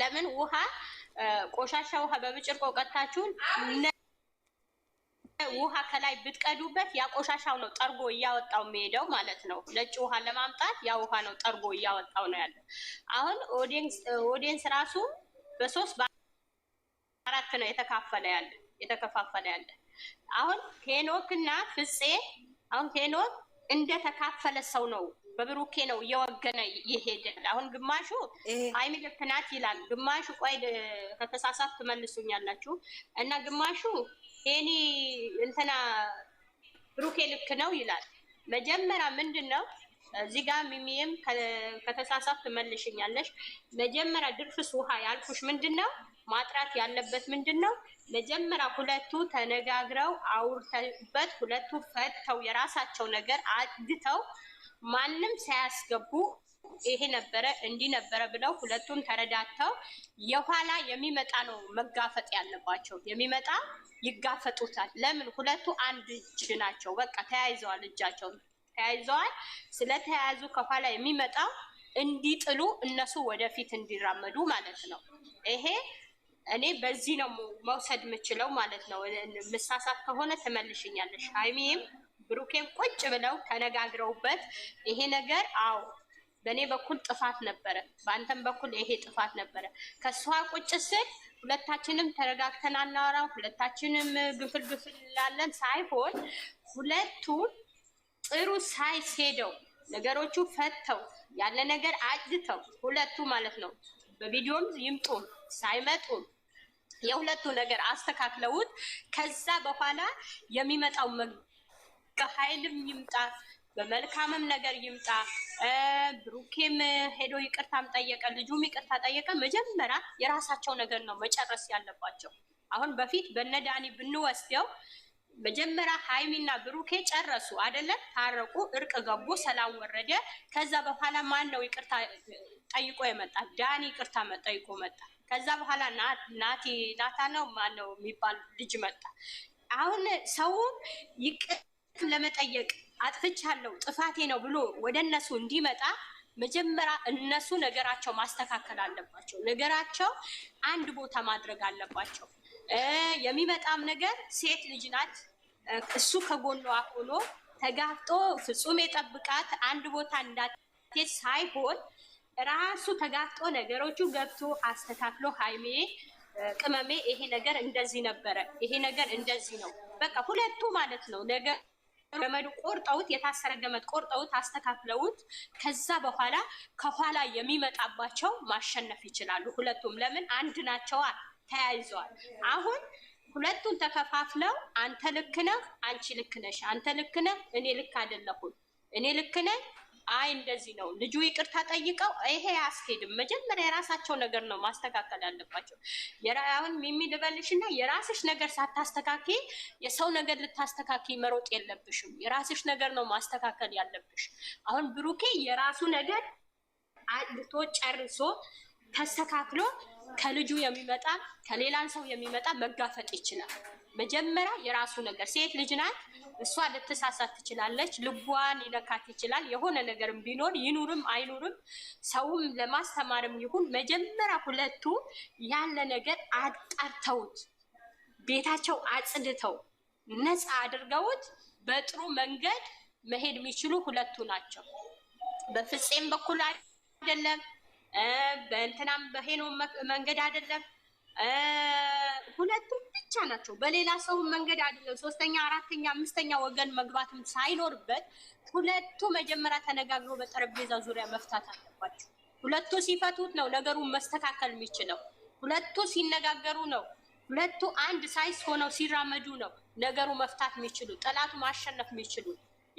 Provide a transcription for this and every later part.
ለምን ውሃ ቆሻሻ ውሃ በብጭርቆ ቀታችሁን ውሃ ከላይ ብትቀዱበት ያ ቆሻሻው ነው ጠርጎ እያወጣው የሚሄደው ማለት ነው። ነጭ ውሃ ለማምጣት ያ ውሃ ነው ጠርጎ እያወጣው ነው ያለው። አሁን ኦዲየንስ ራሱ በሶስት በአራት ነው የተካፈለ ያለ የተከፋፈለ ያለ። አሁን ሄኖክ እና ፍፄ አሁን ሄኖክ እንደተካፈለ ሰው ነው በብሩኬ ነው እየወገነ የሄደ። አሁን ግማሹ ሀይሚ ልክ ናት ይላል፣ ግማሹ ቆይ ከተሳሳት ትመልሱኛላችሁ እና ግማሹ ሄኒ እንትና ብሩኬ ልክ ነው ይላል። መጀመሪያ ምንድን ነው እዚህ ጋር ሚሚም ከተሳሳት ትመልሽኛለሽ። መጀመሪያ ድርፍስ ውሃ ያልኩሽ ምንድን ነው ማጥራት ያለበት ምንድን ነው? መጀመሪያ ሁለቱ ተነጋግረው አውርተበት ሁለቱ ፈተው የራሳቸው ነገር አግተው? ማንም ሳያስገቡ ይሄ ነበረ እንዲህ ነበረ ብለው ሁለቱም ተረዳተው የኋላ የሚመጣ ነው መጋፈጥ ያለባቸው። የሚመጣ ይጋፈጡታል። ለምን ሁለቱ አንድ እጅ ናቸው። በቃ ተያይዘዋል፣ እጃቸው ተያይዘዋል። ስለተያያዙ ከኋላ የሚመጣው እንዲጥሉ እነሱ ወደፊት እንዲራመዱ ማለት ነው። ይሄ እኔ በዚህ ነው መውሰድ የምችለው ማለት ነው። ምሳሳት ከሆነ ትመልሽኛለሽ ሀይሚም ብሩኬም ቁጭ ብለው ተነጋግረውበት ይሄ ነገር አዎ በእኔ በኩል ጥፋት ነበረ፣ በአንተም በኩል ይሄ ጥፋት ነበረ። ከእሷ ቁጭ ስል ሁለታችንም ተረጋግተን አናወራም ሁለታችንም ግፍል ግፍል እንላለን ሳይሆን ሁለቱ ጥሩ ሳይዝ ሄደው ነገሮቹ ፈተው ያለ ነገር አጅተው ሁለቱ ማለት ነው በቪዲዮም ይምጡም ሳይመጡም የሁለቱ ነገር አስተካክለውት ከዛ በኋላ የሚመጣው በኃይልም ይምጣ በመልካምም ነገር ይምጣ። ብሩኬም ሄዶ ይቅርታም ጠየቀ፣ ልጁም ይቅርታ ጠየቀ። መጀመሪያ የራሳቸው ነገር ነው መጨረስ ያለባቸው። አሁን በፊት በነዳኒ ብንወስደው መጀመሪያ ሀይሚና ብሩኬ ጨረሱ አይደለም? ታረቁ፣ እርቅ ገቡ፣ ሰላም ወረደ። ከዛ በኋላ ማን ነው ይቅርታ ጠይቆ የመጣ? ዳኒ ይቅርታ ጠይቆ መጣ። ከዛ በኋላ ናቲ ናታ ነው ማን ነው የሚባል ልጅ መጣ። አሁን ሰው ይቅር ለመጠየቅ አጥፍቻለሁ ጥፋቴ ነው ብሎ ወደ እነሱ እንዲመጣ መጀመሪያ እነሱ ነገራቸው ማስተካከል አለባቸው። ነገራቸው አንድ ቦታ ማድረግ አለባቸው። የሚመጣም ነገር ሴት ልጅ ናት። እሱ ከጎኗ ሆኖ ተጋፍጦ ፍጹም የጠብቃት አንድ ቦታ እንዳትሄድ ሳይሆን ራሱ ተጋፍጦ ነገሮቹ ገብቶ አስተካክሎ ሀይሜ ቅመሜ ይሄ ነገር እንደዚህ ነበረ፣ ይሄ ነገር እንደዚህ ነው፣ በቃ ሁለቱ ማለት ነው ነገር ገመዱ ቆርጠውት የታሰረ ገመድ ቆርጠውት አስተካክለውት ከዛ በኋላ ከኋላ የሚመጣባቸው ማሸነፍ ይችላሉ። ሁለቱም ለምን አንድ ናቸዋል፣ ተያይዘዋል። አሁን ሁለቱን ተከፋፍለው አንተ ልክ ነህ፣ አንቺ ልክ ነሽ፣ አንተ ልክ ነህ፣ እኔ ልክ አይደለሁም፣ እኔ ልክ ነኝ አይ እንደዚህ ነው ልጁ ይቅርታ ጠይቀው ይሄ አያስኬድም። መጀመሪያ የራሳቸው ነገር ነው ማስተካከል ያለባቸው። አሁን ሚሚ ልበልሽ እና የራስሽ ነገር ሳታስተካኪ የሰው ነገር ልታስተካኪ መሮጥ የለብሽም። የራስሽ ነገር ነው ማስተካከል ያለብሽ። አሁን ብሩኬ የራሱ ነገር አድቶ ጨርሶ ተስተካክሎ ከልጁ የሚመጣ ከሌላን ሰው የሚመጣ መጋፈጥ ይችላል። መጀመሪያ የራሱ ነገር ሴት ልጅ ናት። እሷ ልትሳሳት ትችላለች። ልቧን ይነካት ይችላል። የሆነ ነገርም ቢኖር ይኑርም አይኑርም ሰውም ለማስተማርም ይሁን መጀመሪያ ሁለቱ ያለ ነገር አጣርተውት ቤታቸው አጽድተው ነፃ አድርገውት በጥሩ መንገድ መሄድ የሚችሉ ሁለቱ ናቸው። በፍፄም በኩል አይደለም፣ በእንትናም በሄኖ መንገድ አይደለም። ሁለቱም ብቻ ናቸው። በሌላ ሰው መንገድ አይደለም። ሶስተኛ፣ አራተኛ፣ አምስተኛ ወገን መግባትም ሳይኖርበት ሁለቱ መጀመሪያ ተነጋግሮ በጠረጴዛ ዙሪያ መፍታት አለባቸው። ሁለቱ ሲፈቱት ነው ነገሩ መስተካከል የሚችለው። ሁለቱ ሲነጋገሩ ነው ሁለቱ አንድ ሳይዝ ሆነው ሲራመዱ ነው ነገሩ መፍታት የሚችሉ ጠላቱ ማሸነፍ የሚችሉ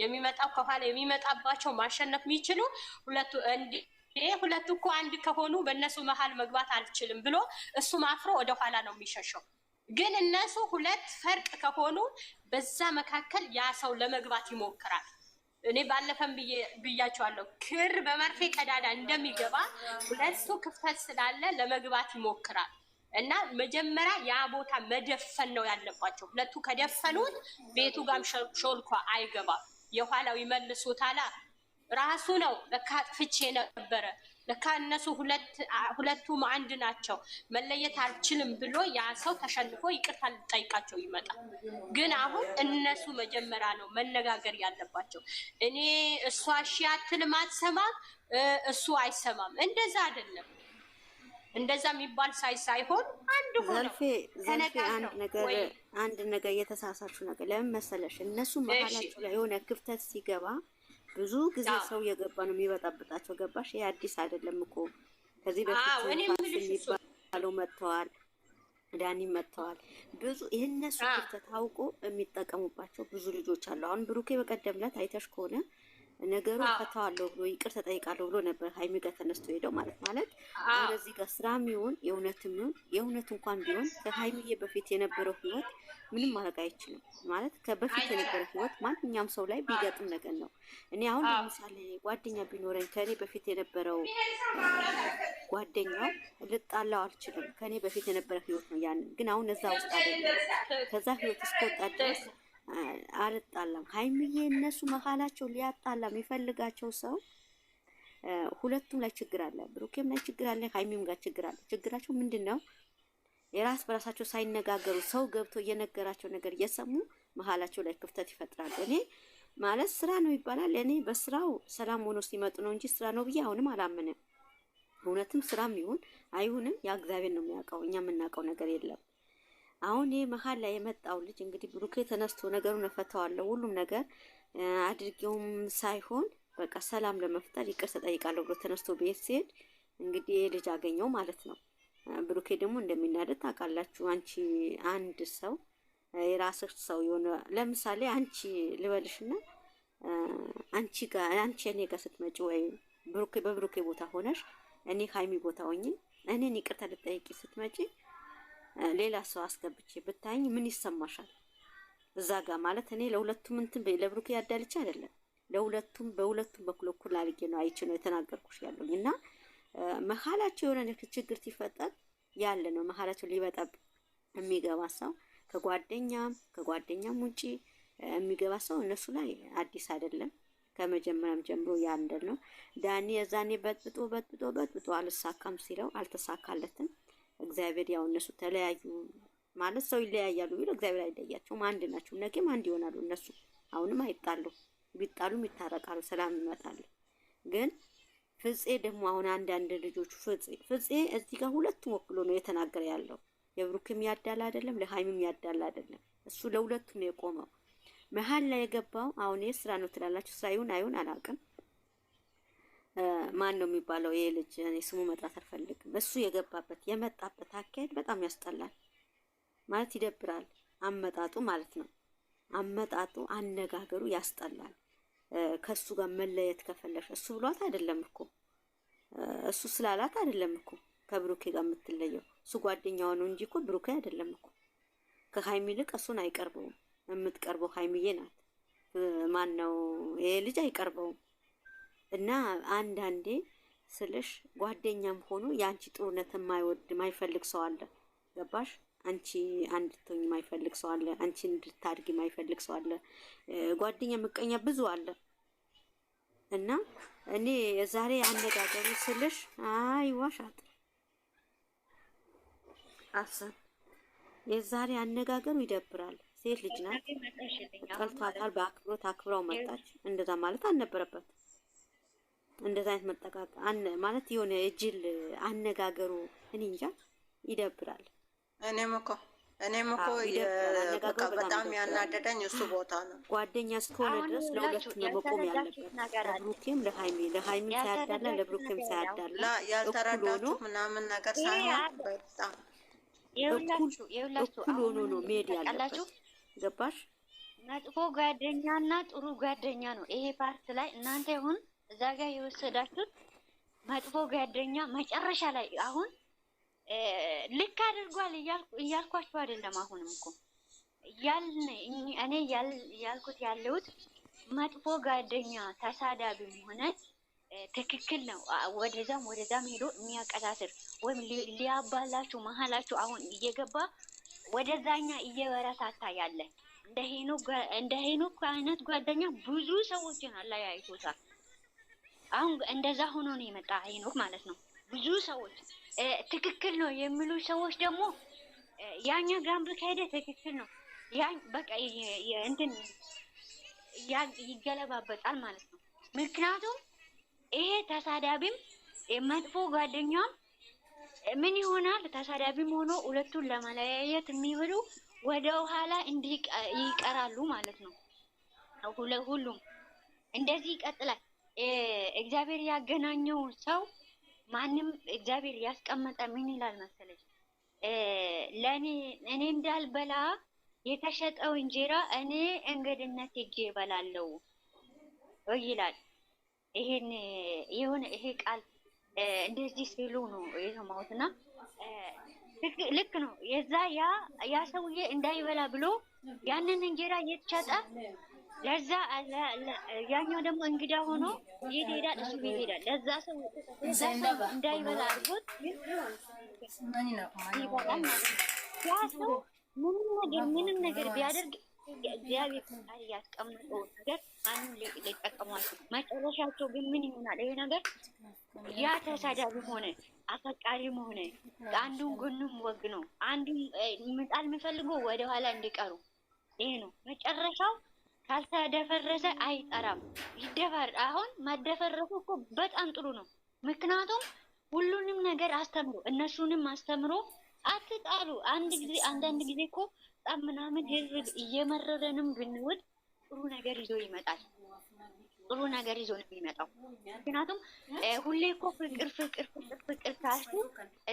የሚመጣው ከኋላ የሚመጣባቸው ማሸነፍ የሚችሉ ሁለቱ ይሄ ሁለቱ እኮ አንድ ከሆኑ በእነሱ መሀል መግባት አልችልም ብሎ እሱም አፍሮ ወደኋላ ነው የሚሸሸው። ግን እነሱ ሁለት ፈርቅ ከሆኑ በዛ መካከል ያ ሰው ለመግባት ይሞክራል። እኔ ባለፈም ብያቸዋለሁ፣ ክር በመርፌ ቀዳዳ እንደሚገባ ሁለቱ ክፍተት ስላለ ለመግባት ይሞክራል። እና መጀመሪያ ያ ቦታ መደፈን ነው ያለባቸው። ሁለቱ ከደፈኑት ቤቱ ጋም ሾልኮ አይገባም። የኋላው ይመልሱታላ ራሱ ነው ለካ አጥፍቼ ነበረ ለካ እነሱ ሁለቱም አንድ ናቸው መለየት አልችልም ብሎ ያ ሰው ተሸንፎ ይቅርታ ልጠይቃቸው ይመጣል። ግን አሁን እነሱ መጀመሪያ ነው መነጋገር ያለባቸው። እኔ እሷ እሺ አትልም አትሰማም፣ እሱ አይሰማም። እንደዛ አይደለም። እንደዛ የሚባል ሳይ ሳይሆን አንድ ሆነው አንድ ነገር የተሳሳችሁ ነገር ለምን መሰለሽ እነሱ መሀላችሁ ላይ የሆነ ክፍተት ሲገባ ብዙ ጊዜ ሰው የገባ ነው የሚበጣብጣቸው። ገባሽ? ይሄ አዲስ አይደለም እኮ ከዚህ በፊት የሚባለው መጥተዋል፣ ዳኒ መጥተዋል። ብዙ ይህነሱ የእነሱ አውቆ የሚጠቀሙባቸው ብዙ ልጆች አሉ። አሁን ብሩኬ በቀደም ዕለት አይተሽ ከሆነ ነገሩ ፈታዋለሁ ብሎ ይቅር ጠይቃለሁ ብሎ ነበር ሀይሚ ጋር ተነስቶ ሄደው ማለት ማለት እዚህ ጋር ስራም ይሁን የእውነትም ይሁን የእውነት እንኳን ቢሆን ከሀይሚዬ በፊት የነበረው ህይወት ምንም ማድረግ አይችልም ማለት ከበፊት የነበረ ህይወት ማንኛውም ሰው ላይ ቢገጥም ነገር ነው። እኔ አሁን ለምሳሌ ጓደኛ ቢኖረኝ ከእኔ በፊት የነበረው ጓደኛው ልጣላው አልችልም። ከእኔ በፊት የነበረ ህይወት ነው ያንን ግን አሁን እዛ ውስጥ አለ ከዛ ህይወት እስከወጣ ድረስ አልጣላም። ሀይሚዬ እነሱ መሀላቸው ሊያጣላ የሚፈልጋቸው ሰው ሁለቱም ላይ ችግር አለ። ብሩኬም ላይ ችግር አለ፣ ሀይሚም ጋር ችግር አለ። ችግራቸው ምንድን ነው? የራስ በራሳቸው ሳይነጋገሩ ሰው ገብቶ እየነገራቸው ነገር እየሰሙ መሀላቸው ላይ ክፍተት ይፈጥራል። እኔ ማለት ስራ ነው ይባላል። እኔ በስራው ሰላም ሆኖ ሲመጡ ነው እንጂ ስራ ነው ብዬ አሁንም አላምንም። እውነትም ስራም ይሁን አይሁንም ያ እግዚአብሔር ነው የሚያውቀው። እኛ የምናውቀው ነገር የለም። አሁን ይህ መሀል ላይ የመጣው ልጅ እንግዲህ ብሩኬ ተነስቶ ነገሩን እፈታዋለሁ ሁሉም ነገር አድርጌውም ሳይሆን በቃ ሰላም ለመፍጠር ይቅር ተጠይቃለሁ ብሎ ተነስቶ ቤት ሲሄድ እንግዲህ ይህ ልጅ አገኘው ማለት ነው። ብሩኬ ደግሞ እንደሚናደድ ታውቃላችሁ። አንቺ አንድ ሰው የራስህ ሰው የሆነ ለምሳሌ አንቺ ልበልሽና አንቺ ጋር አንቺ እኔ ጋር ስትመጪ ወይ ብሩኬ በብሩኬ ቦታ ሆነሽ እኔ ሀይሚ ቦታ ሆኜ እኔን ይቅርታ ልጠይቂ ስትመጪ ሌላ ሰው አስገብቼ ብታይኝ ምን ይሰማሻል? እዛ ጋር ማለት እኔ ለሁለቱም እንትን ለብሩክ ያዳልቼ አይደለም ለሁለቱም በሁለቱም በኩል እኩል አድርጌ ነው አይቼ ነው የተናገርኩሽ ያለኝ እና መሀላቸው የሆነ ችግር ሲፈጠር ያለ ነው መሀላቸው ሊበጠብ የሚገባ ሰው ከጓደኛም ከጓደኛም ውጪ የሚገባ ሰው እነሱ ላይ አዲስ አይደለም። ከመጀመሪያም ጀምሮ ያንደል ነው ዳኒ የዛኔ በጥብጦ በጥብጦ በጥብጦ አልሳካም ሲለው አልተሳካለትም። እግዚአብሔር ያው እነሱ ተለያዩ ማለት ሰው ይለያያሉ ቢሉ እግዚአብሔር አይለያቸውም። አንድ ናቸው። ነገም አንድ ይሆናሉ። እነሱ አሁንም አይጣሉ፣ ቢጣሉም ይታረቃሉ፣ ሰላም ይመጣሉ። ግን ፍፄ ደግሞ አሁን አንዳንድ ልጆቹ ፍፄ ፍፄ እዚህ ጋር ሁለቱም ወክሎ ነው የተናገረ ያለው የብሩክም ያዳል አይደለም፣ ለሀይምም ያዳል አይደለም። እሱ ለሁለቱም የቆመው መሀል ላይ የገባው አሁን ስራ ነው ትላላችሁ። ስራ ይሁን አይሁን አላውቅም። ማን ነው የሚባለው ይሄ ልጅ እኔ ስሙ መጥራት አልፈልግም። እሱ የገባበት የመጣበት አካሄድ በጣም ያስጠላል ማለት ይደብራል። አመጣጡ ማለት ነው አመጣጡ አነጋገሩ ያስጠላል። ከሱ ጋር መለየት ከፈለሽ እሱ ብሏት አይደለም እኮ እሱ ስላላት አይደለም እኮ ከብሩኬ ጋር የምትለየው እሱ ጓደኛው ነው እንጂ እኮ ብሩኬ አይደለም እኮ። ከሀይሚ ይልቅ እሱን አይቀርበውም። የምትቀርበው ሀይሚዬ ናት። ማን ነው ይሄ ልጅ አይቀርበውም። እና አንዳንዴ ስልሽ ጓደኛም ሆኖ የአንቺ ጥሩነት የማይወድ ማይፈልግ ሰው አለ። ገባሽ? አንቺ እንድትሆኝ ማይፈልግ ሰው አለ። አንቺ እንድታድግ ማይፈልግ ሰው አለ። ጓደኛ ምቀኛ ብዙ አለ። እና እኔ ዛሬ አነጋገሩ ስልሽ አይ ዋሻት አሰብ የዛሬ አነጋገሩ ይደብራል። ሴት ልጅ ናት፣ ጠልቷታል። በአክብሮት አክብረው መጣች። እንደዛ ማለት አልነበረበት። እንደዚህ አይነት መጠቃቀ አነ ማለት የሆነ እጅል አነጋገሩ እኔ እንጃ ይደብራል። እኔም እኮ እኔም እኮ በጣም ያናደደኝ እሱ ቦታ ነው። ጓደኛ እስከሆነ ድረስ ለሁለት ነው መቆም ያለበት፣ ለብሩኬም ለሀይሚ ለሀይሚ ሳያዳላ ለብሩኬም ሳያዳላ ያልተረዳችሁ ምናምን ነገር ሳይሆን በጣም እኩል ሆኖ ነው መሄድ ያለበት። ገባሽ? መጥፎ ጓደኛና ጥሩ ጓደኛ ነው ይሄ ፓርት ላይ እናንተ ይሁን እዛ ጋር የወሰዳችሁት መጥፎ ጓደኛ መጨረሻ ላይ አሁን ልክ አድርጓል እያልኳችሁ አይደለም። አሁንም እኮ ያልን እኔ ያልኩት ያለሁት መጥፎ ጓደኛ ተሳዳቢም ሆነ ትክክል ነው። ወደዛም ወደዛም ሄዶ የሚያቀሳስር ወይም ሊያባላችሁ መሀላችሁ አሁን እየገባ ወደዛኛ እየበረታታ ያለ እንደ ሄኖክ አይነት ጓደኛ ብዙ ሰዎችን አለያይቶታል። አሁን እንደዛ ሆኖ ነው የመጣ ሄኖክ ማለት ነው። ብዙ ሰዎች ትክክል ነው የሚሉ ሰዎች ደግሞ ያኛ ጋምብል ከሄደ ትክክል ነው በቃ እንትን ይገለባበጣል ማለት ነው። ምክንያቱም ይሄ ተሳዳቢም መጥፎ ጓደኛም ምን ይሆናል? ተሳዳቢም ሆኖ ሁለቱን ለመለያየት የሚብሉ ወደ ኋላ እንዲህ ይቀራሉ ማለት ነው። ሁሉም እንደዚህ ይቀጥላል። እግዚአብሔር ያገናኘው ሰው ማንም እግዚአብሔር ያስቀመጠ ምን ይላል መሰለች ለእኔ እኔ እንዳልበላ የተሸጠው እንጀራ እኔ እንግድነት ሄጄ እበላለሁ ይላል። ይሄን የሆነ ይሄ ቃል እንደዚህ ሲሉ ነው የሰማሁት እና ልክ ነው የዛ ያ ያ ሰውዬ እንዳይበላ ብሎ ያንን እንጀራ እየተሸጠ ለዛ ያኛው ደግሞ እንግዳ ሆኖ የት ሄዳል? እሱ ቤት ሄዳል። ለዛ ሰው እንዳይበላ አድርጎት ይበላል ማለት ነው። ያ ሰው ምንም ነገር ምንም ነገር ቢያደርግ እግዚአብሔር ፈጣሪ ያስቀምጠው ነገር አሁን ሊጠቀሟል። መጨረሻቸው ግን ምን ይሆናል? ይሄ ነገር ያ ተሳዳቢ ሆነ አፈቃሪም ሆነ አንዱን ጎኑም ወግ ነው፣ አንዱ ምጣል የሚፈልገው ወደኋላ እንዲቀሩ ይሄ ነው መጨረሻው። ካልተደፈረሰ አይጠራም። ይደፈር። አሁን ማደፈረሱ እኮ በጣም ጥሩ ነው። ምክንያቱም ሁሉንም ነገር አስተምሮ እነሱንም አስተምሮ አትጣሉ። አንድ ጊዜ አንዳንድ ጊዜ እኮ ጣም ምናምን ህዝብ እየመረረንም ብንውድ ጥሩ ነገር ይዞ ይመጣል። ጥሩ ነገር ይዞ ነው የሚመጣው። ምክንያቱም ሁሌ እኮ ፍቅር ፍቅር ፍቅር ፍቅር ካሱ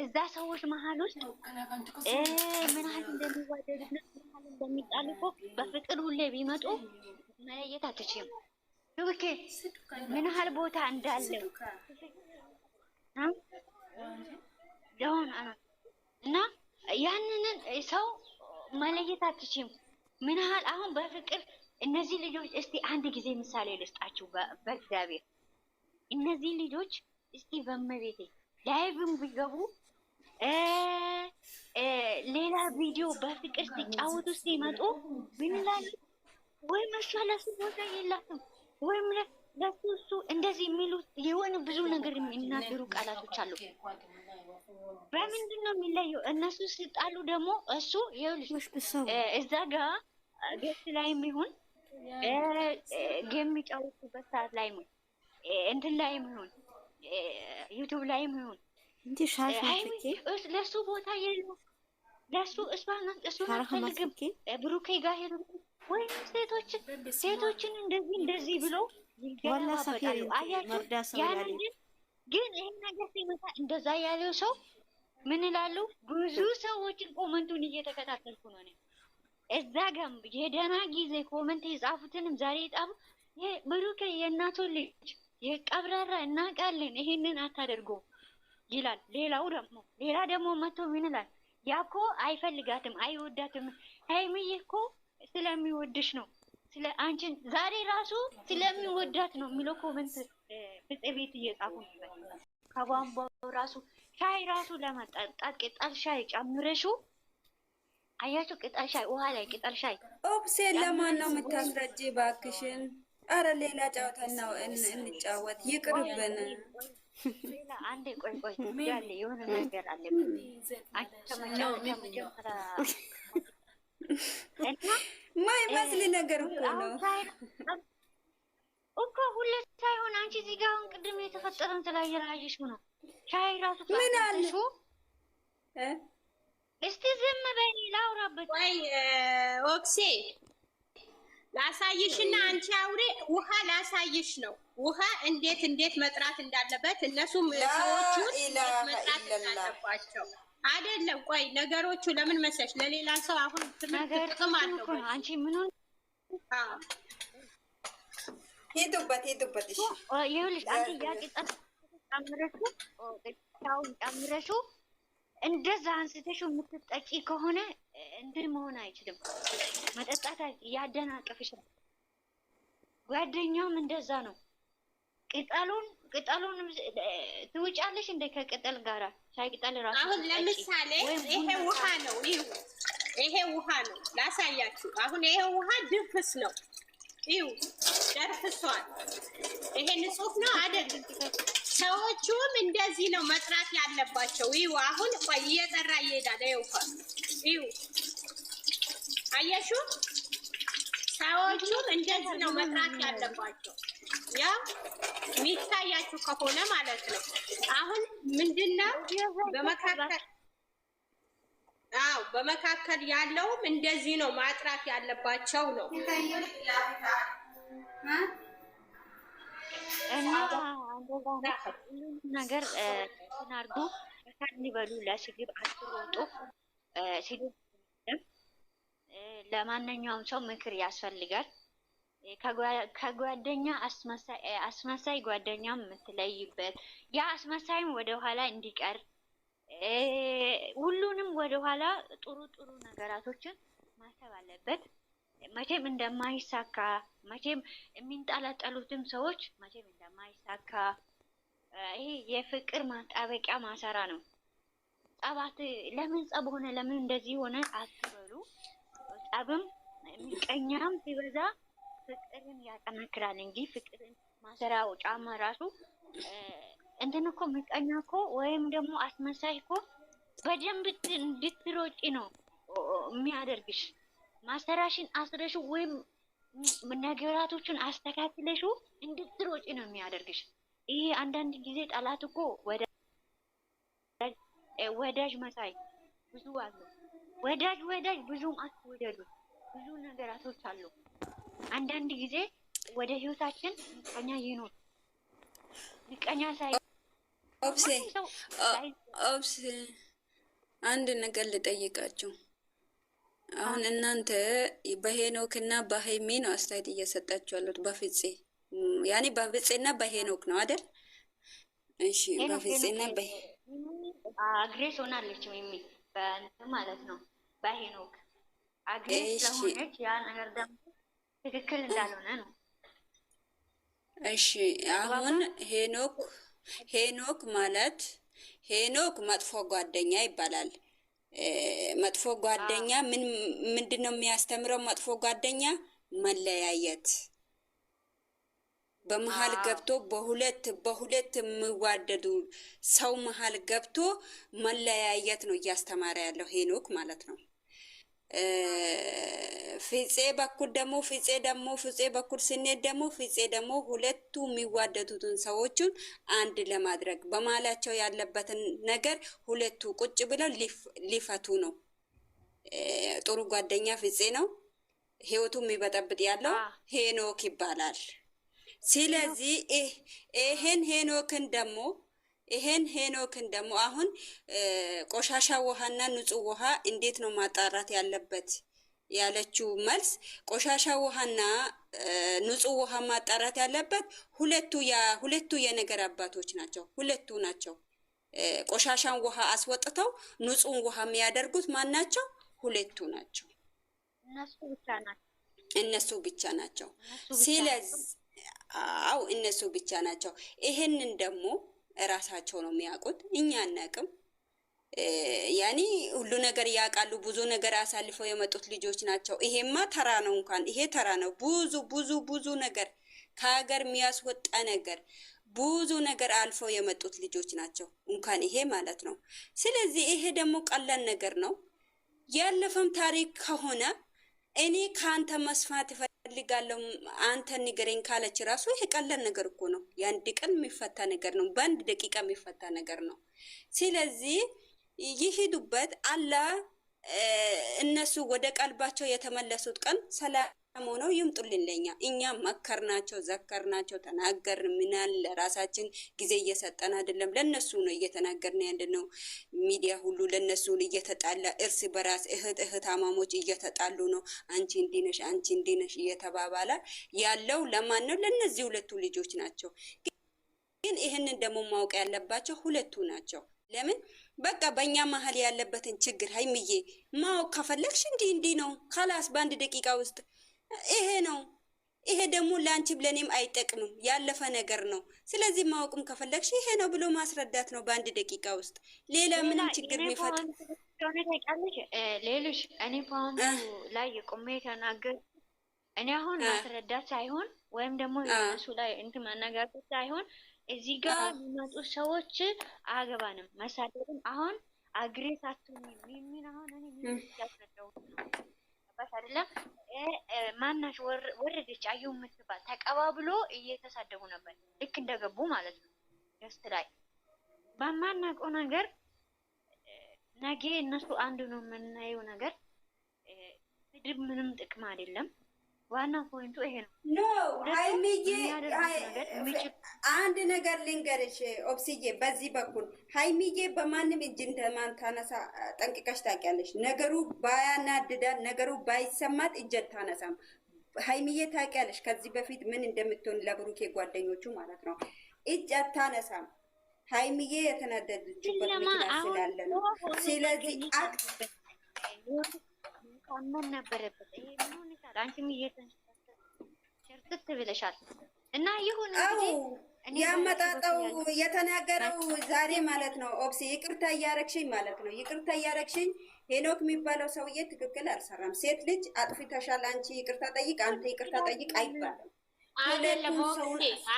እዛ ሰዎች መሀል ውስጥ ምን ያህል እንደሚዋደዱ ምን ያህል እንደሚጣሉ እኮ በፍቅር ሁሌ ቢመጡ መለየት አትችም። ልብኬ ምን ያህል ቦታ እንዳለው ለሆነ እና ያንንን ሰው መለየት አትችም። ምን ያህል አሁን በፍቅር እነዚህ ልጆች እስቲ አንድ ጊዜ ምሳሌ ልስጣችሁ። በእግዚአብሔር እነዚህ ልጆች እስቲ በመቤቴ ላይቭም ቢገቡ ሌላ ቪዲዮ በፍቅር ሲጫወቱ ሲመጡ ምን ላል ወይም እሷ ለሱ ቦታ የላትም ወይም ለሱ እሱ እንደዚህ የሚሉት የሆነ ብዙ ነገር የሚናገሩ ቃላቶች አሉ። በምንድን ነው የሚለየው? እነሱ ሲጣሉ ደግሞ እሱ ይኸውልሽ እዛ ጋ ገስ ላይ የሚሆን የሚጫወቱበት ሰዓት ላይ ምን እንትን ላይ ሆን ዩቱብ ላይ ሆን ምን ለሱ ቦታ የለውም። ለሱ እሱን አልፈልግም። ብሩኬ ጋር ሄዱ ወይም ሴቶች ሴቶችን እንደዚህ እንደዚህ ብሎ ይገባበታሉ። አያችሁ ግን ይህን ነገር ሲመጣ እንደዛ ያለው ሰው ምን ይላሉ? ብዙ ሰዎችን ኮመንቱን እየተከታተልኩ ነው እኔ እዛ ጋም የደህና ጊዜ ኮመንት የጻፉትንም ዛሬ የጣፉ ብሩኬ የእናቶ ልጅ የቀብራራ እናውቃለን፣ ይሄንን አታደርጎ ይላል። ሌላው ደግሞ ሌላ ደግሞ መቶ ምን ይላል? ያኮ አይፈልጋትም፣ አይወዳትም። ሀይሚዬ እኮ ስለሚወድሽ ነው ስለ አንቺን ዛሬ ራሱ ስለሚወዳት ነው የሚለው ኮመንት ፍጽ ቤት እየጻፉ ነበር። ከቧንቧው ራሱ ሻይ ራሱ ለመጠጣት ቅጠል ሻይ ጨምረሽው አያችሁ ቅጠል ሻይ ውሃ ላይ ቅጠል ሻይ ኦብሴ ለማን ነው ባክሽን፣ አረ ሌላ ጫወታ ነው እንጫወት፣ ይቅርብን። አንዴ ቆይ ቆይ ያለ የሆነ ነገር አለ ማይመስል ነገር እኮ ነው እኮ ሁለት ሳይሆን አንቺ እዚህ ጋር አሁን ቅድም የተፈጠረን ስላየራየሽ ነው ሻይ ራሱ ምን አለ ኦክሴ ላሳይሽና አንቺ አውሬ ውሃ ላሳይሽ ነው። ውሃ እንዴት እንዴት መጥራት እንዳለበት እነሱም ሰዎች ውስጥ መጥራት እንዳለባቸው አይደለም። ቆይ ነገሮቹ ለምን መሰለሽ ለሌላ ሰው አሁን ጥቅም አለው። አንቺ ምን ሆነ? ሄዱበት ሄዱበት። ይኸውልሽ አንቺ ያቄ ጨምረሹ ጨምረሹ እንደዛ አንስተሽ የምትጠጪ ከሆነ እንትን መሆን አይችልም። መጠጣት ያደናቅፍሻል። ጓደኛውም እንደዛ ነው። ቅጠሉን ቅጠሉን ትውጫለሽ እንደ ከቅጠል ጋራ ሻይ ቅጠል ራሱ አሁን ለምሳሌ ይሄ ውሃ ነው። ይሄ ውሃ ነው ላሳያችሁ። አሁን ይሄ ውሃ ድፍስ ነው። ይሁ ደርፍሷል። ይሄ ንጹህ ነው አደ ሁላችሁም እንደዚህ ነው መጥራት ያለባቸው። ይው አሁን ቆይ እየጠራ እየሄዳለ ይውፋ ይው አየሹ። ሰዎቹም እንደዚህ ነው መጥራት ያለባቸው። ያ የሚታያችሁ ከሆነ ማለት ነው። አሁን ምንድነው በመካከል አው በመካከል ያለውም እንደዚህ ነው ማጥራት ያለባቸው ነው እና ነገር አትሮጡ ለማንኛውም ሰው ምክር ያስፈልጋል። ከጓደኛ አስመሳይ ጓደኛም የምትለይበት ያ አስመሳይም ወደኋላ እንዲቀር ሁሉንም ወደኋላ ጥሩ ጥሩ ነገራቶችን ማሰብ አለበት። መቼም እንደማይሳካ መቼም የሚንጠለጠሉትም ሰዎች መቼም እንደማይሳካ ይሄ የፍቅር ማጣበቂያ ማሰራ ነው። ጸባት ለምን ጸብ ሆነ ለምን እንደዚህ ሆነ አትበሉ። ጸብም ምቀኛም ሲበዛ ፍቅርን ያጠናክራል እንጂ ፍቅርን ማሰሪያው ጫማ ራሱ እንትን እኮ ምቀኛ እኮ ወይም ደግሞ አስመሳይ እኮ በደንብ እንድትሮጪ ነው የሚያደርግሽ። ማሰራሽን አስረሹ ወይም ነገራቶችን አስተካክለሹ እንድትሮጪ ነው የሚያደርግሽ። ይሄ አንዳንድ ጊዜ ጠላት እኮ ወዳጅ መሳይ ብዙ አሉ። ወዳጅ ወዳጅ ብዙም አትወደዱ ብዙ ነገራቶች አሉ። አንዳንድ ጊዜ ወደ ህይወታችን ምቀኛ ይኑር ምቀኛ ሳይ ኦብሴ አንድ ነገር ልጠይቃችሁ አሁን እናንተ በሄኖክ እና በሀይሜ ነው አስተያየት እየሰጣችሁ ያሉት። በፍፄ ያኔ በፍፄ እና በሄኖክ ነው አይደል? እሺ በፍፄ እና አግሬስ ሆናለች ወይም በእንትን ማለት ነው በሄኖክ አግሬስ ስለሆነች ያ ነገር ደግሞ ትክክል እንዳልሆነ ነው። እሺ አሁን ሄኖክ ሄኖክ ማለት ሄኖክ መጥፎ ጓደኛ ይባላል። መጥፎ ጓደኛ ምን ምንድን ነው የሚያስተምረው? መጥፎ ጓደኛ መለያየት፣ በመሀል ገብቶ በሁለት በሁለት የሚዋደዱ ሰው መሀል ገብቶ መለያየት ነው እያስተማረ ያለው ሄኖክ ማለት ነው። ፍፄ በኩል ደግሞ ፍፄ ደግሞ ፍፄ በኩል ስንሄድ ደግሞ ፍፄ ደግሞ ሁለቱ የሚዋደዱትን ሰዎቹን አንድ ለማድረግ በማላቸው ያለበትን ነገር ሁለቱ ቁጭ ብለው ሊፈቱ ነው። ጥሩ ጓደኛ ፍፄ ነው። ህይወቱ የሚበጠብጥ ያለው ሄኖክ ይባላል። ስለዚህ ይህን ሄኖክን ደግሞ ይሄን ሄኖክን ደግሞ አሁን ቆሻሻ ውሃና ንጹህ ውሃ እንዴት ነው ማጣራት ያለበት ያለችው መልስ ቆሻሻ ውሃና ንጹህ ውሃ ማጣራት ያለበት ሁለቱ ሁለቱ የነገር አባቶች ናቸው። ሁለቱ ናቸው። ቆሻሻን ውሃ አስወጥተው ንጹህ ውሃ የሚያደርጉት ማን ናቸው? ሁለቱ ናቸው። እነሱ ብቻ ናቸው። እነሱ ብቻ ስለዚህ አው እነሱ ብቻ ናቸው። ይሄንን ደግሞ እራሳቸው ነው የሚያውቁት፣ እኛ አናቅም። ያኔ ሁሉ ነገር ያውቃሉ። ብዙ ነገር አሳልፈው የመጡት ልጆች ናቸው። ይሄማ ተራ ነው፣ እንኳን ይሄ ተራ ነው። ብዙ ብዙ ብዙ ነገር ከሀገር የሚያስወጣ ነገር ብዙ ነገር አልፈው የመጡት ልጆች ናቸው። እንኳን ይሄ ማለት ነው። ስለዚህ ይሄ ደግሞ ቀላል ነገር ነው። ያለፈም ታሪክ ከሆነ እኔ ከአንተ መስማት እፈልጋለሁ አንተ ንገረኝ ካለች ራሱ ይሄ ቀለል ነገር እኮ ነው። የአንድ ቀን የሚፈታ ነገር ነው። በአንድ ደቂቃ የሚፈታ ነገር ነው። ስለዚህ ይሄዱበት አለ እነሱ ወደ ቀልባቸው የተመለሱት ቀን ሰላም ሆነው ይምጡልን ለኛ። እኛ መከርናቸው፣ ዘከርናቸው፣ ተናገርን። ምናል ለራሳችን ጊዜ እየሰጠን አይደለም፣ ለነሱ ነው እየተናገርን ነው። ሚዲያ ሁሉ ለነሱን እየተጣላ እርስ በራስ እህት እህት አማሞች እየተጣሉ ነው። አንቺ እንዲነሽ፣ አንቺ እንዲነሽ እየተባባላ ያለው ለማን ነው? ለነዚህ ሁለቱ ልጆች ናቸው። ግን ይህንን ደግሞ ማወቅ ያለባቸው ሁለቱ ናቸው። ለምን በቃ በእኛ መሀል ያለበትን ችግር ሀይምዬ ማወቅ ከፈለግሽ እንዲህ እንዲህ ነው ካላስ በአንድ ደቂቃ ውስጥ ይሄ ነው። ይሄ ደግሞ ለአንቺም ለእኔም አይጠቅምም፣ ያለፈ ነገር ነው። ስለዚህ ማወቅም ከፈለግሽ ይሄ ነው ብሎ ማስረዳት ነው በአንድ ደቂቃ ውስጥ። ሌላ ምንም ችግር የሚፈጥር ሌሎች እኔ ፓንቱ ላይ የቆሜ የተናገር እኔ አሁን ማስረዳት ሳይሆን ወይም ደግሞ እነሱ ላይ እንትን መነጋገር ሳይሆን እዚህ ጋር የሚመጡ ሰዎች አያገባንም መሳደብም አሁን አግሬት አትሆኝም የሚል አሁን እኔ ያስረዳው ያለበት አይደለም። ማናሽ ወረደች አየሁ የምትባል ተቀባብሎ እየተሳደቡ ነበር፣ ልክ እንደገቡ ማለት ነው። ገስት ላይ በማናውቀው ነገር ነገ እነሱ አንድ ነው የምናየው ነገር ስድብ ምንም ጥቅም አይደለም። ዋና ፖይንቱ ይሄ ነው። አንድ ነገር ልንገርሽ፣ ኦብስዬ በዚህ በኩል ሀይሚዬ በማንም እጅ እንደማታነሳ ጠንቅቀሽ ታውቂያለሽ። ነገሩ ባያናድዳት፣ ነገሩ ባይሰማት እጅ አታነሳም። ሀይሚዬ ታውቂያለሽ ከዚህ በፊት ምን እንደምትሆን ለብሩኬ ጓደኞቹ ማለት ነው። እጅ አታነሳም። ሀይሚዬ የተናደደችበት ምክንያት ስላለ ነው። ስለዚህ አመን ነበረበት። ይሄ ምን ሆነሻል? አንቺም ሸርትት ብለሻል። እና ይሁን ያመጣጠው የተናገረው ዛሬ ማለት ነው። ኦፕሲ ይቅርታ እያረግሽኝ ማለት ነው። ይቅርታ እያረግሽኝ ሄኖክ የሚባለው ሰውዬ ትክክል አልሰራም። ሴት ልጅ አጥፍተሻል፣ አንቺ ይቅርታ ጠይቅ፣ አንተ ይቅርታ ጠይቅ አይባልም። አይደለም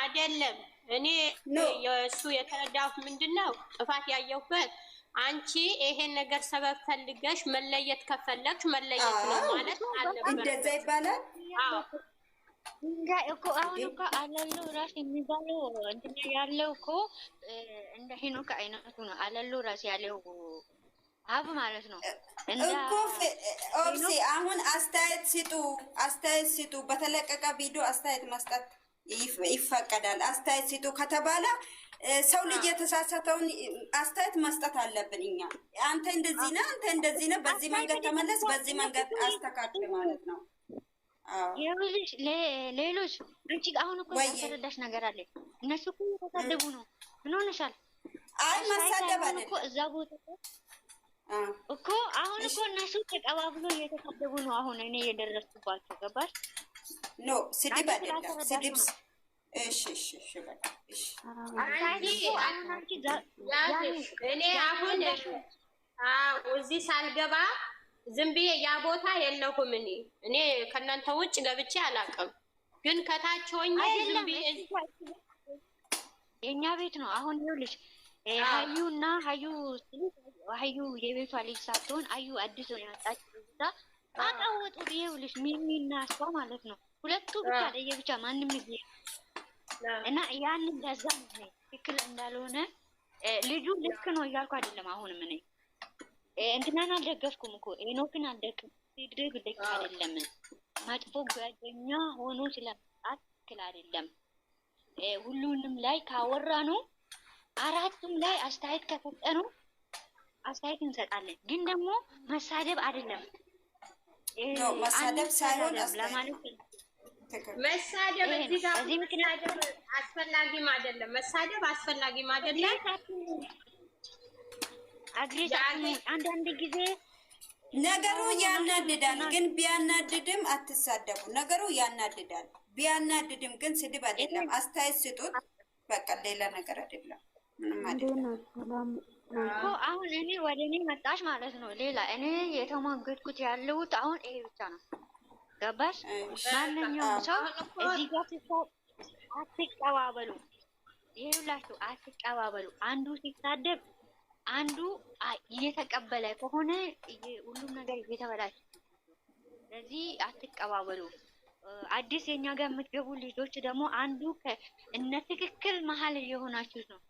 አይደለም። እኔ እሱ የተረዳሁት ምንድን ነው ጥፋት ያየሁበት አንቺ ይሄን ነገር ሰበብ ፈልገሽ መለየት ከፈለግሽ መለየት ነው ማለት አለበት። እንደዛ ይባላል። ድንጋይ እኮ አሁን እኮ አለሉ ራስ የሚባለው እንትና ያለው እኮ እንደ ሄኖክ አይነቱ ነው። አለሉ ራስ ያለው አብ ማለት ነው እኮ ኦብሲ። አሁን አስተያየት ሲጡ አስተያየት ሲጡ በተለቀቀ ቪዲዮ አስተያየት መስጠት ይፈቀዳል። አስተያየት ሲጡ ከተባለ ሰው ልጅ የተሳሳተውን አስተያየት መስጠት አለብን እኛ። አንተ እንደዚህ ነህ፣ አንተ እንደዚህ ነህ፣ በዚህ መንገድ ተመለስ፣ በዚህ መንገድ አስተካክል ማለት ነው። ይኸውልሽ ሌሎች አንቺ አሁን እኮ ያልተረዳሽ ነገር አለ። እነሱ እኮ እየተሳደቡ ነው። ምን ሆነሻል? አይ መሳደብ እዛ ቦታ እኮ አሁን እኮ እነሱ ተቀባብሎ እየተሳደቡ ነው። አሁን እኔ የደረስኩባቸው ገባሽ? ኖ ስድብ አይደለም ስድብ እኔ አሁን እዚህ ሳልገባ ዝም ብዬ ያ ቦታ የለሁም። እኔ እኔ ከእናንተ ውጭ ገብቼ አላውቅም፣ ግን ከታች ሆኜ የእኛ ቤት ነው። አሁን ይኸውልሽ ሀዩ እና ሀዩ ሀዩ የቤቷ ልጅ ሳትሆን አዩ አዲስ ነው የመጣችው። እዛ አቃወጡ ይኸውልሽ ሚሚ እና እሷ ማለት ነው ሁለቱ ብቻ ለየብቻ ማንም ይሄ እና ያን እንደዛ ነው ትክክል እንዳልሆነ ልጁ ልክ ነው እያልኩ አይደለም። አሁንም እኔ እንትናን አልደገፍኩም እኮ ኤኖክን አልደግድግ ልክ አይደለም። መጥፎ ጓደኛ ሆኖ ስለመጣት ትክክል አይደለም። ሁሉንም ላይ ካወራ ነው አራቱም ላይ አስተያየት ከሰጠ ነው አስተያየት እንሰጣለን። ግን ደግሞ መሳደብ አይደለም መሳደብ ሳይሆን ለማለት መሳደብ እዚህ ጋር መሳደብ አስፈላጊም አይደለም። መሳደብ አስፈላጊም አይደለም። አግሬት አንዳንድ ጊዜ ነገሩ ያናድዳል፣ ግን ቢያናድድም አትሳደቡ። ነገሩ ያናድዳል፣ ቢያናድድም ግን ስድብ አይደለም። አስተያየት ስጡት፣ በቃ ሌላ ነገር አይደለም። አሁን እኔ ወደ እኔ መጣሽ ማለት ነው። ሌላ እኔ የተሟገድኩት ያለሁት አሁን ይሄ ብቻ ነው። ገባሽ? ማንኛውም ሰው እዚህ ጋር አትቀባበሉ። ይሄ ሁላችሁ አትቀባበሉ። አንዱ ሲሳደብ አንዱ እየተቀበለ ከሆነ ሁሉም ነገር እየተበላሽ፣ ስለዚህ አትቀባበሉ። አዲስ የኛ ጋር የምትገቡ ልጆች ደግሞ አንዱ እነ ትክክል መሀል እየሆናችሁት ነው።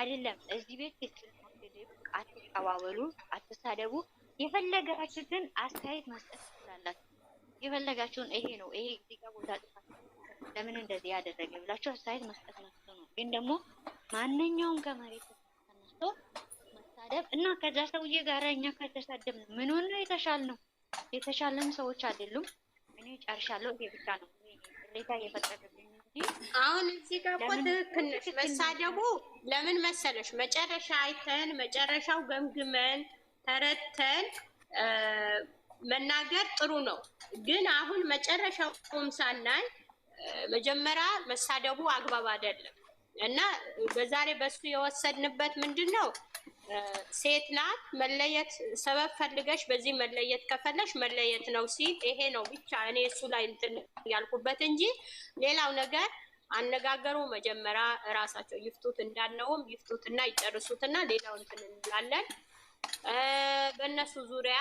አይደለም እዚህ ቤት አትቀባበሉ፣ አትሳደቡ። የፈለጋችሁትን አስተያየት መስጠት የፈለጋችሁን ይሄ ነው ይሄ እዚህ ጋር ቦታ ጥፋት ለምን እንደዚህ ያደረገ ብላችሁ አስተያየት መስጠት መብት ነው። ግን ደግሞ ማንኛውም ከመሬት ተነስቶ መሳደብ እና ከዛ ሰውዬ ጋር እኛ ከተሳደብ ነው ምን ሆነ የተሻል ነው የተሻለም ሰዎች አይደሉም። እኔ ጨርሻለሁ። ይሄ ብቻ ነው ቅሬታ እየፈጠገብኝ እንጂ አሁን እዚህ ጋር እኮ ትክክል ነሽ። መሳደቡ ለምን መሰለሽ መጨረሻ አይተን መጨረሻው ገምግመን ተረተን መናገር ጥሩ ነው፣ ግን አሁን መጨረሻውም ሳናይ መጀመሪያ መሳደቡ አግባብ አይደለም እና በዛሬ በሱ የወሰድንበት ምንድን ነው ሴት ናት መለየት ሰበብ ፈልገሽ በዚህ መለየት ከፈለሽ መለየት ነው ሲል ይሄ ነው ብቻ። እኔ እሱ ላይ እንትን ያልኩበት እንጂ ሌላው ነገር አነጋገሩ መጀመሪያ እራሳቸው ይፍቱት እንዳልነውም ይፍቱትና ይጨርሱትና ሌላው እንትን እንላለን በእነሱ ዙሪያ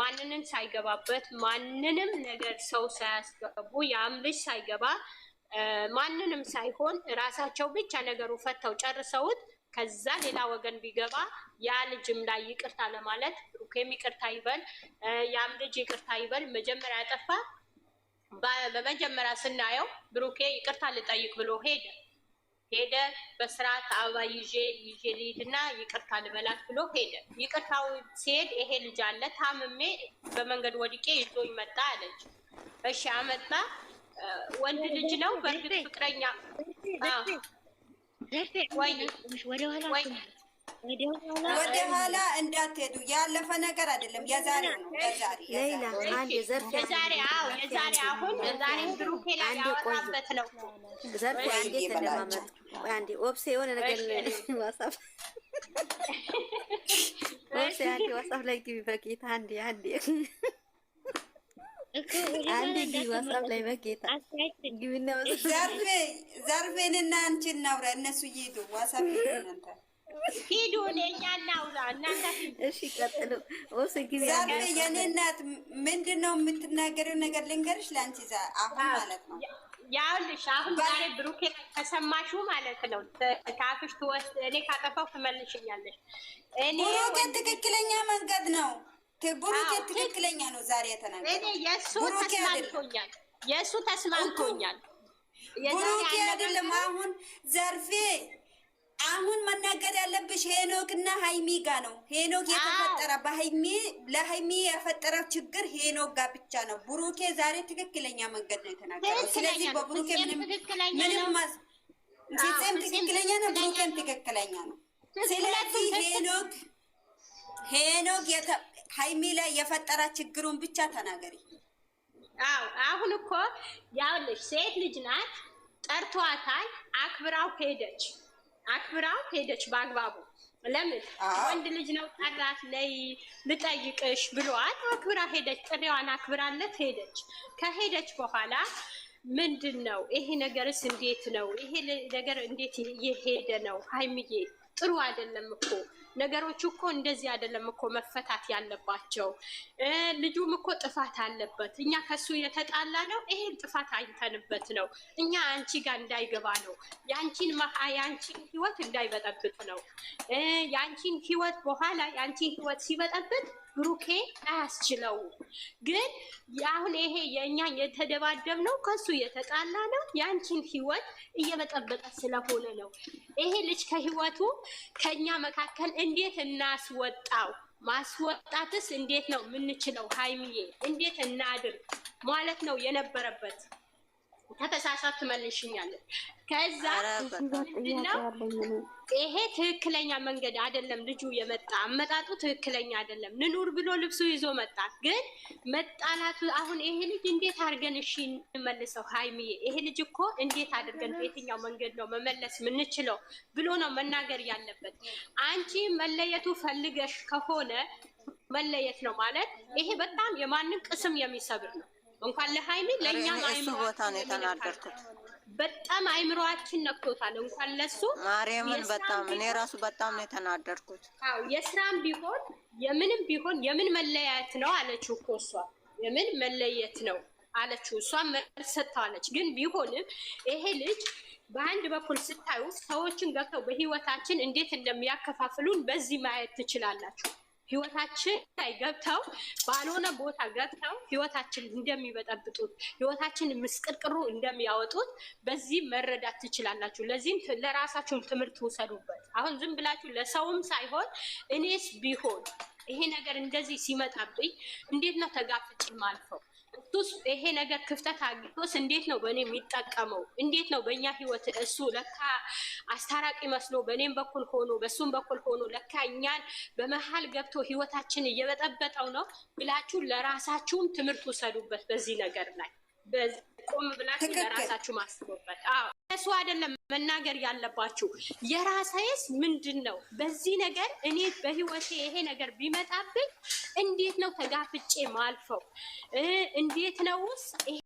ማንንም ሳይገባበት ማንንም ነገር ሰው ሳያስገቡ ያም ልጅ ሳይገባ ማንንም ሳይሆን ራሳቸው ብቻ ነገሩ ፈተው ጨርሰውት ከዛ ሌላ ወገን ቢገባ ያ ልጅም ላይ ይቅርታ ለማለት ሩኬም ይቅርታ ይበል፣ ያም ልጅ ይቅርታ ይበል። መጀመሪያ ያጠፋ በመጀመሪያ ስናየው ብሩኬ ይቅርታ ልጠይቅ ብሎ ሄደ። ሄደ በስርዓት አበባ ይዤ ይዤ ልሂድና ይቅርታ ልበላት ብሎ ሄደ። ይቅርታው ሲሄድ ይሄ ልጅ አለ ታምሜ በመንገድ ወድቄ ይዞኝ መጣ አለች። እሺ አመጣ። ወንድ ልጅ ነው በእርግጥ ፍቅረኛ ወደኋላ ወደ ኋላ እንዳትሄዱ። ያለፈ ነገር አይደለም። የዛሬ ነው። ዘርፍ አንዴ ተለማመጥ። አንዴ ኦብሴ የሆነ ነገር ዋሳብ ኦብሴ አንዴ ዋሳብ ላይ ግቢ በጌታ አንዴ አንዴ አንድ ጊዜ ሀሳብ ላይ በጌታ ግቢና ዘርፌ ዘርፌንና አንቺን ናውራ እነሱ ይሄዱ ዋሳብ ይሄዱ እናንተ ሂዱ ለኛ እናውራ። እሺ ቀጥሉ። ወስ ጊዜ የኔ እናት ምንድን ነው የምትናገሪው ነገር ልንገርሽ። ለአንቺ እዛ አሁን ማለት ነው ያልሽ አሁን ዛሬ ብሩኬ ከሰማሹ ማለት ነው ከአፍሽ ትወስ እኔ ካጠፋው ትመልሽኛለሽ። እኔ ብሩኬን ትክክለኛ መንገድ ነው ብሩኬን ትክክለኛ ነው ዛሬ የተናገረው። የእሱ ተስማምቶኛል፣ የእሱ ተስማምቶኛል። ብሩኬ አይደለም አሁን ዘርፌ አሁን መናገር ያለብሽ ሄኖክ እና ሀይሚ ጋ ነው። ሄኖክ የተፈጠረ በሀይሚ ለሀይሚ ያፈጠረው ችግር ሄኖክ ጋ ብቻ ነው። ብሩኬ ዛሬ ትክክለኛ መንገድ ነው የተናገረው። ስለዚህ በብሩኬ ምንም ፍፄም ትክክለኛ ነው፣ ብሩኬም ትክክለኛ ነው። ስለዚህ ሄኖክ ሄኖክ ሀይሚ ላይ የፈጠረ ችግሩን ብቻ ተናገሪ። አዎ አሁን እኮ ያውልሽ ሴት ልጅ ናት፣ ጠርቷታል፣ አክብራው ሄደች አክብራው ሄደች በአግባቡ። ለምን ወንድ ልጅ ነው ጠራት፣ ለይ ልጠይቅሽ ብሏት አክብራ ሄደች። ጥሪዋን አክብራለት ሄደች። ከሄደች በኋላ ምንድን ነው ይሄ ነገርስ? እንዴት ነው ይሄ ነገር? እንዴት እየሄደ ነው? ሀይምዬ ጥሩ አይደለም እኮ ነገሮቹ እኮ እንደዚህ አይደለም እኮ መፈታት ያለባቸው። ልጁም እኮ ጥፋት አለበት። እኛ ከሱ የተጣላ ነው፣ ይሄን ጥፋት አይተንበት ነው። እኛ አንቺ ጋር እንዳይገባ ነው፣ የአንቺን የአንቺን ህይወት እንዳይበጠብጥ ነው። የአንቺን ህይወት በኋላ የአንቺን ህይወት ሲበጠብጥ ብሩኬ አያስችለው። ግን አሁን ይሄ የእኛ የተደባደብ ነው ከሱ የተጣላ ነው የአንቺን ህይወት እየመጠበቀ ስለሆነ ነው። ይሄ ልጅ ከህይወቱ ከእኛ መካከል እንዴት እናስወጣው? ማስወጣትስ እንዴት ነው የምንችለው? ሀይሚዬ እንዴት እናድርግ ማለት ነው የነበረበት ከተሳሳት ትመልሽኛለሽ። ከዛ ይሄ ትክክለኛ መንገድ አይደለም። ልጁ የመጣ አመጣጡ ትክክለኛ አይደለም። ንኑር ብሎ ልብሱ ይዞ መጣ። ግን መጣላቱ አሁን ይሄ ልጅ እንዴት አድርገን እሺ እንመልሰው? ሀይሚዬ ይሄ ልጅ እኮ እንዴት አድርገን በየትኛው መንገድ ነው መመለስ የምንችለው ብሎ ነው መናገር ያለበት። አንቺ መለየቱ ፈልገሽ ከሆነ መለየት ነው ማለት ይሄ በጣም የማንን ቅስም የሚሰብር ነው። እንኳን ለሀይሚ ለእኛም እሱ ቦታ ነው የተናገርኩት። በጣም አይምሮአችን ነክቶታል። እንኳን ለሱ ማርያምን በጣም እኔ ራሱ በጣም ነው የተናደርኩት። የስራም ቢሆን የምንም ቢሆን የምን መለያየት ነው አለችው እኮ እሷ የምን መለየት ነው አለችው እሷ ሰጥታለች። ግን ቢሆንም ይሄ ልጅ በአንድ በኩል ስታዩ ሰዎችን ገብተው በህይወታችን እንዴት እንደሚያከፋፍሉን በዚህ ማየት ትችላላችሁ። ህይወታችን ላይ ገብተው ባልሆነ ቦታ ገብተው ህይወታችን እንደሚበጠብጡት ህይወታችን ምስቅርቅሩ እንደሚያወጡት በዚህ መረዳት ትችላላችሁ። ለዚህም ለራሳችሁም ትምህርት ውሰዱበት። አሁን ዝም ብላችሁ ለሰውም ሳይሆን እኔስ ቢሆን ይሄ ነገር እንደዚህ ሲመጣብኝ እንዴት ነው ተጋፍጭ ማልፈው ቶስ ይሄ ነገር ክፍተት አግኝቶስ እንዴት ነው በእኔ የሚጠቀመው? እንዴት ነው በእኛ ህይወት እሱ ለካ አስታራቂ መስሎ በእኔም በኩል ሆኖ በእሱም በኩል ሆኖ ለካ እኛን በመሀል ገብቶ ህይወታችን እየበጠበጠው ነው ብላችሁ ለራሳችሁም ትምህርት ውሰዱበት በዚህ ነገር ላይ ቆም ብላችሁ ለራሳችሁ ማስቦበት። እሱ አይደለም መናገር ያለባችሁ። የራሳዬስ ምንድን ነው? በዚህ ነገር እኔ በህይወቴ ይሄ ነገር ቢመጣብኝ እንዴት ነው ተጋፍጬ ማልፈው? እንዴት ነው ውስጥ